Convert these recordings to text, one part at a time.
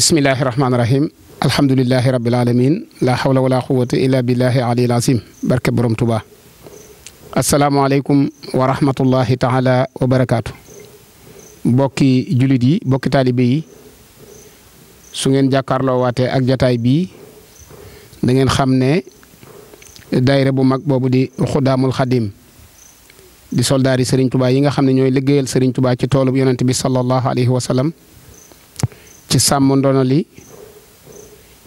bismillahi rahmaani rahim alhamdulilahi rabil alamin la hawla wala quwata illa billahi alil azim barke borom tuba asalaamaaleykum wa rahmatullahi taala wa bokki julit yi bokki taalibe yi su ngeen jàkkaarloo waatee ak jataay bii dangeen xam ne daayira bu mag boobu di xudaamul xadim di soldaari Serigne Touba yi nga xam ne ñooy liggéeyal sëriñ tubaa ci toolu yonent bi sallallahu alayhi wa ci sàmm ndono li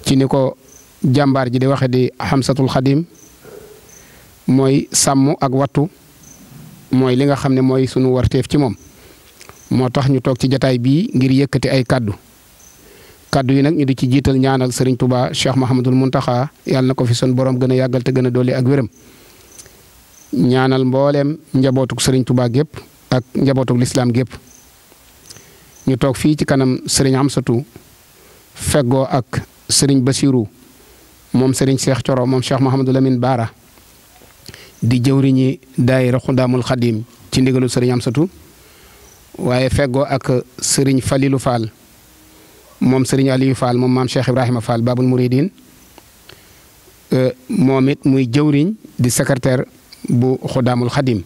ci ni ko jàmbaar ji di waxe di xamsatul xadim mooy sàmm ak wattu mooy li nga xam ne mooy sunu warteef ci moom moo tax ñu toog ci jataay bii ngir yëkkati ay kàddu kàddu yi nag ñu di ci jiital ñaanal sëriñ tubaa Touba Cheikh Mahamadul Muntaxa yàlla na ko fi son borom gën a yàggal te gën a dolli ak wéram ñaanal mbooleem njabootuk sëriñ tubaa gépp ak njabootuk lislaam gépp ñu toog fii ci kanam sëriñ Amsatu fegoo ak sëriñ Basiru moom sëriñ Cheikh Coro moom Cheikh Mouhamadou Lamine Baara di jëwriñi daayira Xuddaamul Xadim ci ndigalu sëriñ Amsatu waaye feggoo ak sëriñ Falilu Fall moom sëriñ Aliou Fall moom maam Cheikh Ibrahima Fall Babul Mouridine euh, moomit muy jëwriñ di secrétaire bu Xuddaamul Xadim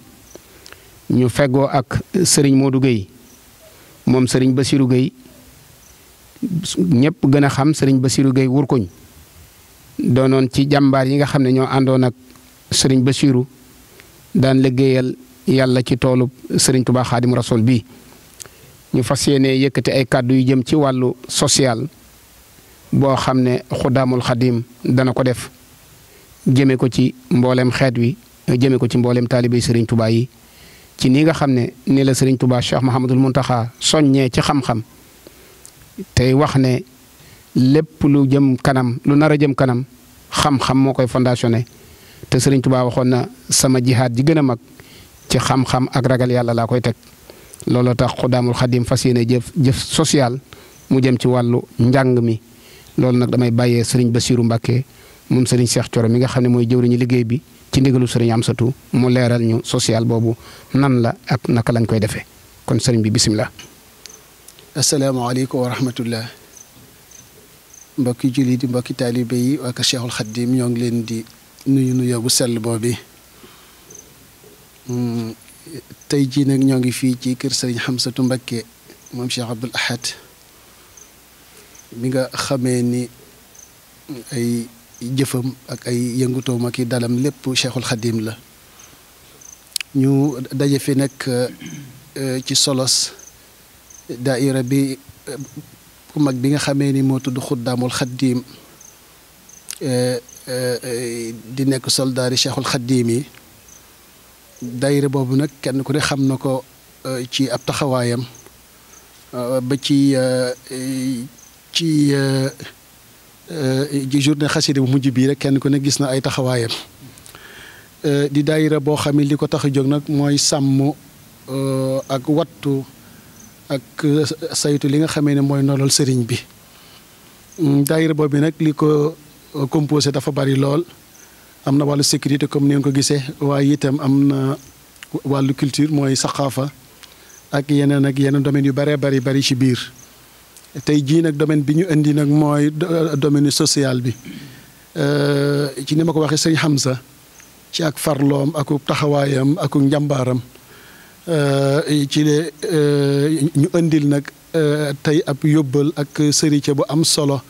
ñu fegoo ak sëriñ Modou Gueye moom sëriñ Bassirou Gueye ñëpp gën a xam sëriñ Bassirou Gueye wurkuñ doonoon ci jàmbaar yi nga xam ne ñoo àndoon ak sëriñ Bassirou daan liggéeyal yàlla ci toolu sëriñ Touba Xaadim Rasoul bi ñu fas yéene yëkkati ay kàddu yu jëm ci wàllu social boo xam ne xuddaamul xadim dana ko def jëme ko ci mboolem xeet wi jëme ko ci mboolem taalibe sëriñ Touba yi. ci nii nga xam ne ni la sëriñ Touba Cheikh Mouhamadul Mountakha soññee ci xam-xam tey wax ne lépp lu jëm kanam lu nar a jëm kanam xam-xam moo koy fondationné te sëriñ tubaa waxoon na sama jihaad ji gën a mag ci xam-xam ak ragal yàlla laa koy teg. looloo tax Xudaamul Xadim fas yéene jëf jëf social mu jëm ci wàllu njàng mi loolu nag damay bàyyee sëriñ Bassirou Mbacke moom sëriñ Cheikh Thioro mi nga xam ne mooy jëwriñu liggéey bi. ci ndigalu sëriñ Amsatu mu leeral ñu social boobu nan la ak naka lañ koy defee kon sëriñ bi bisimilah. asalaamaaleykum wa rahmatullah mbokki jullit yi mbokki taalibe yi waa Kër Cheikhul Khadim ñoo ngi leen di nuyu nuyoo bu sell boobu hmm, tey jii nag ñoo ngi fii ci kër sëriñ Xamsatu Mbakke moom Cheikh Abdoul Ahad mi nga xamee ni ay. jëfam ak ay yëngutoom ak i dalam lépp Cheikhul Khadim la ñu daje fi nag euh, euh, ci solos daaira bi ku mag bi nga xamee ni moo tudd Xuddaamul Xaddiim euh, di nekk soldaari Cheikhul Xaddiim yi daaira boobu nag kenn ku ne xam na ko ci ab taxawaayam ba ci ci Euh, journée xasida bu mujj bii rek kenn ku ne gis na ay taxawaayam euh, di daayira boo xam ne li ko tax a jóg nag mooy sàmm euh, ak wattu ak saytu li nga xamee ne mooy nolol sëriñ bi mm, daayira boobu nag li ko composé dafa bari lool am na wàllu sécurité comme ni nga ko gisee waaye itam am na wàllu culture mooy saxaafa ak yeneen ak yeneen domaines yu baree bari bari ci biir tey jii nag domaine bi ñu indi nag mooy euh, domaine social bi euh, ci ni ma ko waxee sëñ sa ci ak farloom ak taxawaayam ak njàmbaaram euh, ci le ñu indil nag tey ab yóbbal ak sërice bu am solo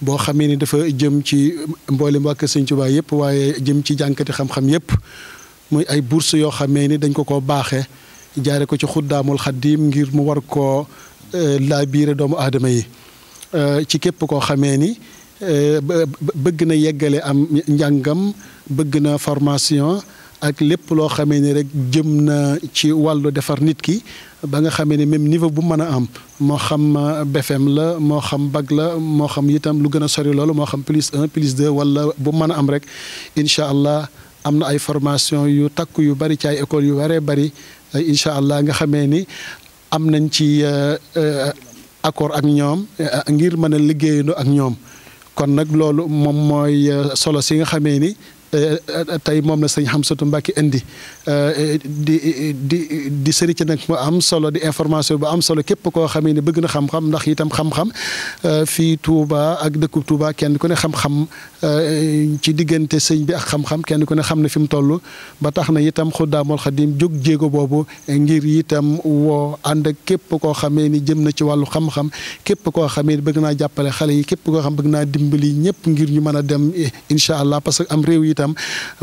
boo xamee ni dafa jëm ci mboolem waa Kër Sëñ Tuubaa yëpp waaye jëm ci jànkati xam-xam yëpp muy ay bourse yoo xamee ni dañ ko ko baaxe jaare ko ci xuddaamul xaddiim ngir mu war koo Euh, laa biire doomu aadama yi euh, ci képp koo xamee ni euh, bëgg na yeggale am njàngam bëgg na formation ak lépp loo xamee ni rek jëm na ci wàllu defar nit ki ba nga xamee ni même niveau bu mën a am moo xam BFEM la moo xam bag la moo xam itam lu gën a sori loolu moo xam plus un plus deux wala bu mën a am rek incha allah am na ay formation yu takk yu bari ci ay école yu waree bari incha allah nga xamee ni am nañ ci euh, euh, accord ak ñoom euh, ngir mën a liggéeyandoo ak ñoom kon nag loolu moom mooy solo si nga xamee ni Eh, eh, tey moom la sëñ Xamsatu Mbàkke indi eh, di di di sëri ci nag mu am solo di information bu am solo képp koo xamee ne bëgg na xam-xam itam xam-xam fii Touba ak dëkkub Touba kenn ku ne xam-xam ci diggante sëñ bi ak xam-xam kenn ku ne xam ne fi mu toll ba tax na itam Xuddaamul Xadim jóg jéego boobu ngir itam woo ànd ak képp koo xamee ni jëm na ci wàllu xam-xam képp koo xamee ni bëgg naa jàppale xale yi képp koo xam bëgg naa dimbali ñëpp ngir ñu mën a dem incha allah parce que am réew yi itam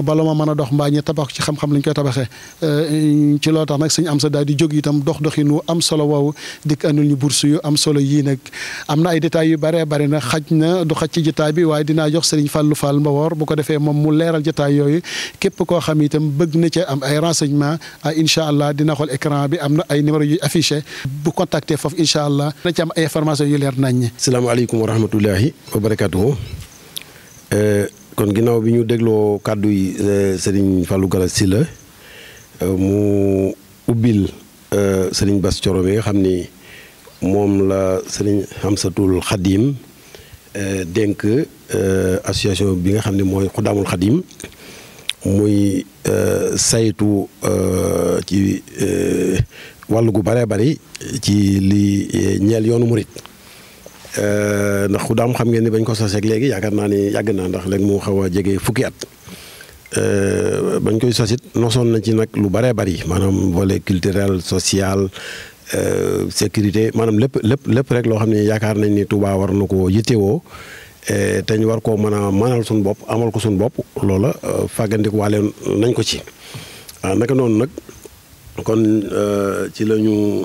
bala ma mën a dox mbaa ñi tabax ci xam-xam lañ koy tabaxee euh, ci loo tax nag sañ am sa daal di jóg itam dox doxinu am solo woowu dikk ñu bourse yu am solo yii nag am na ay détails yu bare bari na xaj na du xaj ci jotaay bi waaye dinaa jox Serigne Fallou Fall Mbawor bu ko defee moom mu leeral jotaay yooyu képp koo xam tam bëgg na ci am ay renseignement ah incha allah dina xool écran bi am na ay numéro yu affiché bu contacter foofu incha allah dina ci am ay information yu leer naññ. salaamaaleykum wa rahmatulahi wa barakaatuhu euh, kon ginnaaw bi ñu dégloo kàddu yi euh, sëriñ Fallou Galass la euh, mu ubbil euh, sëriñ Bass Thioro bi nga xam ni moom la sëriñ Hamsatul Xadim dénk association bi nga xam ne mooy Xudaamul Xadim muy saytu ci wàllu gu bare bari ci li ñeel yoonu murit Euh, ndax ku daam xam ngeen ni bañ ko saseeg léegi yaakaar naa ni yàgg naa ndax léegi mu xaw a jege fukki at euh, bañ koy sasit nosoon na ci nag lu bëree bëri maanaam volet culturel social euh, sécurité maanaam lépp lépp lépp rek loo xam ne yaakaar nañ ni Touba war na ko yittewoo te ñu war koo mën a mënal suñu bopp amal ko suñu bopp loola fàggandiku waale nañ ko ci ah naka noonu nag kon ci la ñu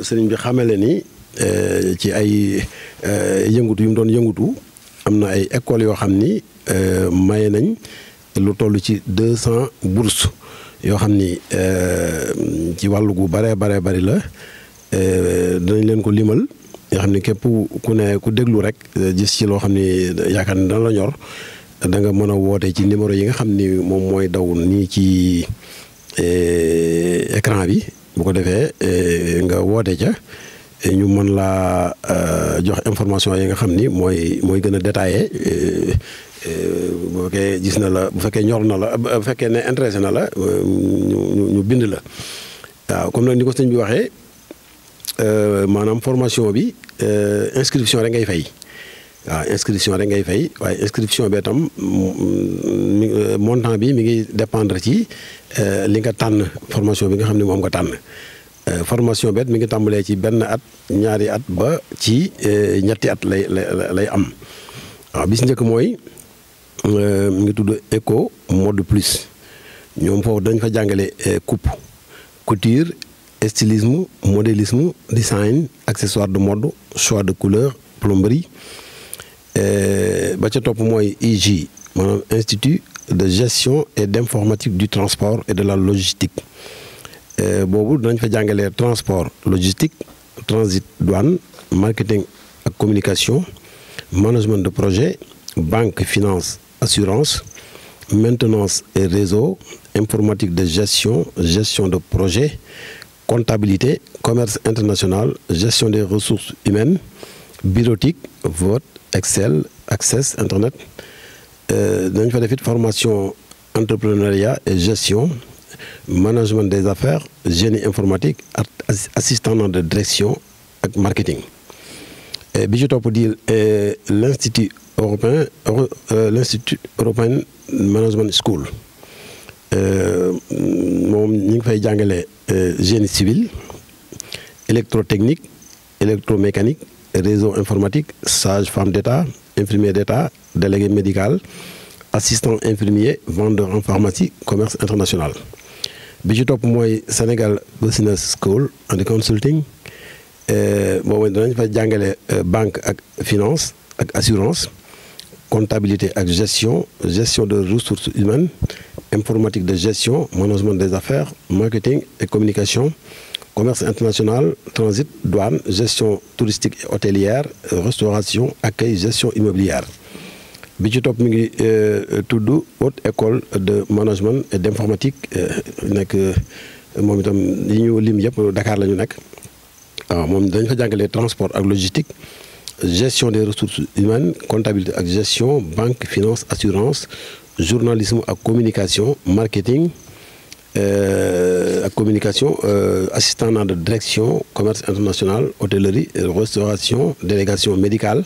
sëriñ bi xamale ni Euh, ci ay euh, yëngutu yu mu doon yëngutu am na ay écoles yoo xam ni euh, maye nañ lu toll ci deux cent bourses yoo xam ni ci wàllu gu baree baree bari la danañ leen ko limal yoo xam ni képp ku ne ku déglu rek gis ci loo xam ni yaakaar ni dana la ñor da nga mën a woote ci numéro yi nga xam ni moom mooy daw nii ci écran bi bu ko defee nga woote ca ñu mën laa euh, jox information yi nga xam ni mooy mooy gën a détaillé euh, bu fekkee gis na la bu fekkee ñor na la bu fekkee ne intéressé na la euh, ñu ñu bind la waaw comme nag ni ko sëñ bi waxee maanaam formation bi inscription rek ngay fay waaw rek ngay fay waaye inscription bee tam montant bi mi ngi dépendre ci li nga tànn formation bi nga xam ne moom nga tànn. Euh, formation bet mi ngi tàmbalee ci benn at ñaari at ba ci euh, ñetti at lay lay am waaw bis njëkk mooy euh, mu ngi tudd éco mode plus ñoom foofu dañ fa jàngale coupe couture stylisme modélisme design accessoire de mode choix de couleur plomberie ba ca topp mooy IG maanaam institut de gestion et d'informatique du transport et de la logistique Euh, boobu dinañ fa jàngalee transport logistique transit douane marketing ak communication management de projet banque finance assurance maintenance et réseau informatique de gestion gestion de projet comptabilité commerce international gestion des ressources humaines bureautique vote Excel Access Internet euh, dañ fa def it formation entrepreneuriat et gestion management des affaires génie informatique assistant de direction ak marketing bi ci topp di eh, l'institut européen eh, l'institut européen management school eh, moom ñu ngi fay jàngale génie civil électrotechnique électromécanique réseau informatique sage-femme d'État infirmier d'État délégué médical assistant infirmier vendeur en pharmacie commerce international bi ci topp mooy Sénégal Business School and Consulting boobu euh, danañ fa jàngale euh, banque ak finance ak assurance comptabilité ak gestion gestion de ressources humaines informatique de gestion management des affaires marketing et communication commerce international transit douane gestion touristique et hôtelière restauration accueil gestion immobilière bi ci topp mi ngi euh, tudd haute école de management et d'informatique euh, nekk euh, moom itam yi ñu lim yëpp Dakar la ñu nekk waaw ah, moom dañ fa jàngalee transport ak logistique gestion des ressources humaines comptabilité ak gestion banque finance assurance journalisme ak communication marketing ak communication assistant de direction commerce international hôtellerie restauration délégation médicale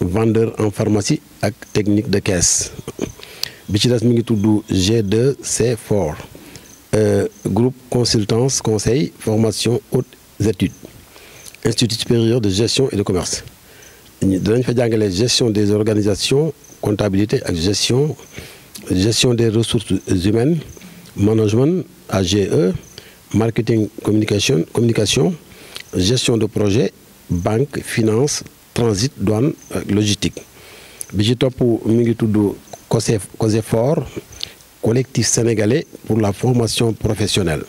vendeur en pharmacie ak technique de caisse bi ci des mi ngi tudd G2C4 euh, groupe consultance conseil formation hautes études institut supérieur de gestion et de commerce danañ fa jàngale gestion des organisations comptabilité ak gestion gestion des ressources humaines management AGE marketing communication communication gestion de projet banque finance transit done ak euh, logistique bi ci topp mi ngi tudd COSEF COSEFOR collectif sénégalais pour la formation professionnelle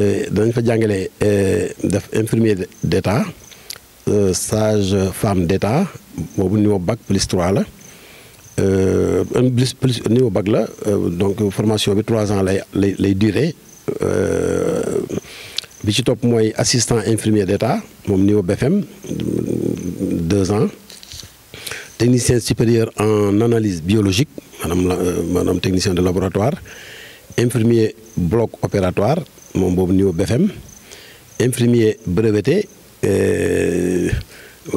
euh, danañ fa jàngale euh, def infirmier d'état sage femme d'état boobu niveau bac plus trois la un plus plus niveau bac la donc formation bi trois ans lay lay lay durer bi ci topp mooy assistant infirmier d'état moom niveau BFM deux ans technicien supérieur en analyse biologique maanaam euh, maanaam technicien de laboratoire infirmier bloc opératoire moom boobu niveau BFM infirmier breveté euh,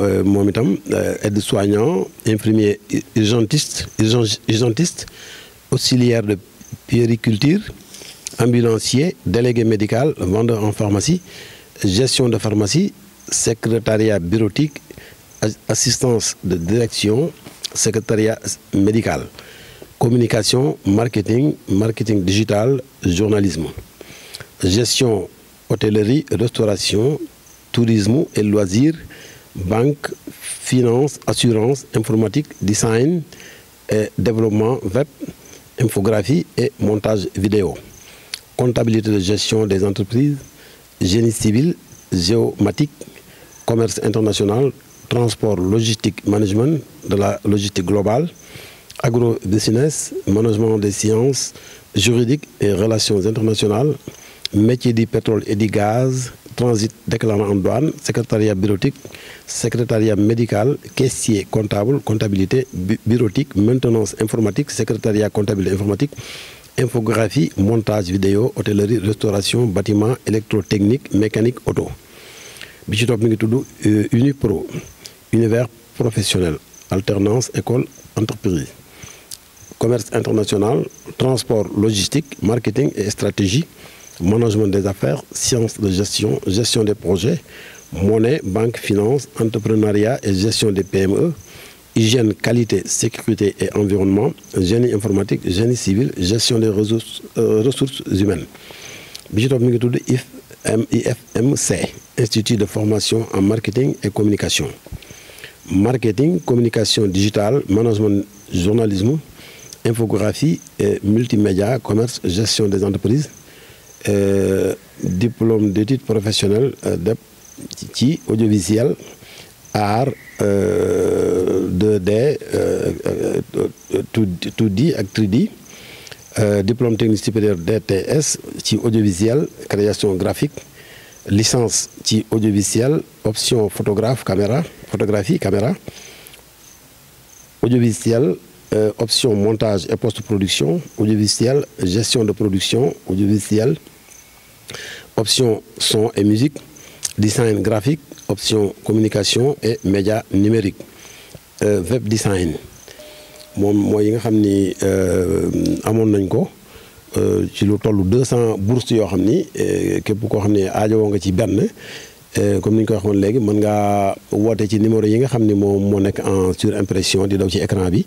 euh, moom itam aide soignant infirmier urgentiste urgentiste auxiliaire de puériculture ambulancier délégué médical vendeur en pharmacie gestion de pharmacie secrétariat bureautique assistance de direction secrétariat médical communication marketing marketing digital journalisme gestion hôtellerie restauration tourisme et loisirs banque finance assurance informatique design et développement web infographie et montage vidéo comptabilité de gestion des entreprises génie civil géomatique commerce international transport logistique management de la logistique globale agro-business management des sciences juridiques et relations internationales métier du pétrole et du gaz transit déclarant en douane secrétariat bureautique secrétariat médical caissier comptable comptabilité birotique maintenance informatique secrétariat comptabilité informatique infographie montage vidéo hôtellerie restauration bâtiment électrotechnique mécanique auto bi ci topp mi ngi tudd euh, Unipro univers professionnel alternance école entreprise commerce international transport logistique marketing et stratégie management des affaires sciences de gestion gestion des projets monnaie banque finance entrepreneuriat et gestion des PME hygiène qualité sécurité et environnement génie informatique génie civil gestion des ressources euh, ressources humaines bi ci topp mi ngi tudd IFMC institut de formation en marketing et communication marketing communication digitale management journalisme infographie et multimédia commerce gestion des entreprises euh, diplôme d'études professionnelles euh, DEP ci audiovisuel art euh, de d euh, tout d ak 3D diplôme technique supérieur DTS ci audiovisuel création graphique licence ci audiovisuel option photographe caméra photographie caméra audiovisuel euh, option montage et post-production audiovisuel gestion de production audiovisuel option son et musique design graphique option communication et média numérique euh, web design moom mooy yi nga xam ni euh, amoon nañ ko Euh, ci lu toll 200 bourses yoo xam ni euh, képp koo xam ne aajowoo nga ci benn euh, comme ni ñu ko waxoon léegi mën ngaa woote ci numéro yi nga xam ni moom moo nekk en sur impression di daw ci écran bi.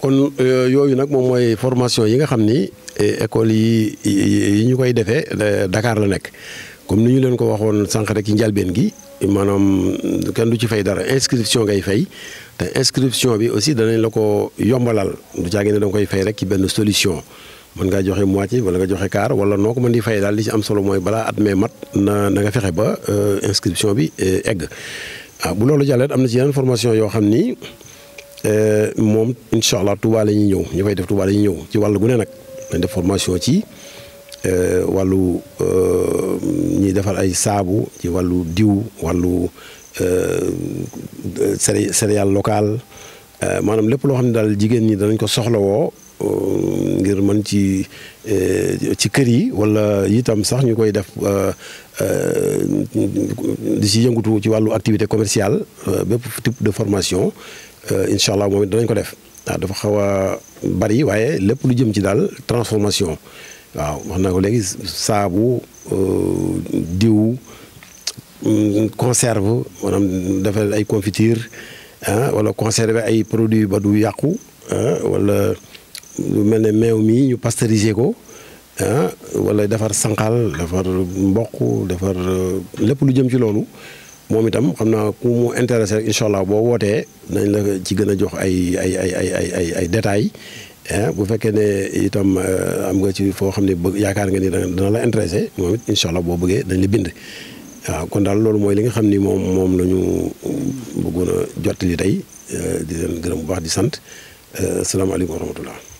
kon yooyu nag moom mooy formation yi nga xam ni école yi ñu koy defee Dakar la nekk comme nu ñu leen ko waxoon sànq rek ci njalbeen gi. maanaam kenn du ci fay dara inscription ngay fay te inscription bi aussi danañ la ko yombalal du caagi ne da nga koy fay rek ci benn solution. mën ngaa joxe moitié wala nga joxe quart wala noo ko mën di fay daal li ci am solo mooy balaa at mee mat na na nga fexe ba euh, inscription bi euh, egg waaw ah, bu loolu jàllee am na ci yeneen formation yoo xam ni euh, moom incha allah Touba ñëw ñu fay def Touba la ñuy ñëw ci wàllu gu ne nag dañ def formation ci wàllu ñuy defar ay saabu ci wàllu diw wàllu céré céréale locale maanaam lépp loo xam ne daal jigéen ñi danañ ko soxlawoo Euh, ngir man ci euh, ci kër yi walla itam sax ñu koy def euh, di si yëngatu ci wàllu activité commerciale bépp type de formation incha allah moom it danañ ko def waaw dafa xaw a bari waaye lépp lu jëm ci daal transformation waaw wax naa ko léegi saabu diw mm, conserve maanaam defal ay confiture ah, wala conserver ay produits ba du yàqu ah, walla lu mel ne meew mii ñu pasteuriser ko ah wala defar sànqal defar mboq defar euh, lépp lu jëm ci loolu moom itam xam naa ku mu intéressé rek incha allah boo wootee nañ la ci gën jox ay ay ay ay ay ay ay détails ah, bu fekkee ne itam euh, am nga ci foo xam ne bëgg yaakaar nga ni dana la intéressé moom it incha allah boo bëggee dañ la bind. waaw kon daal loolu mooy li nga xam ni moom moom la ñu euh, bëggoon a jottali tey di leen gërëm bu baax di sant salaamaaleykum wa rahmatullah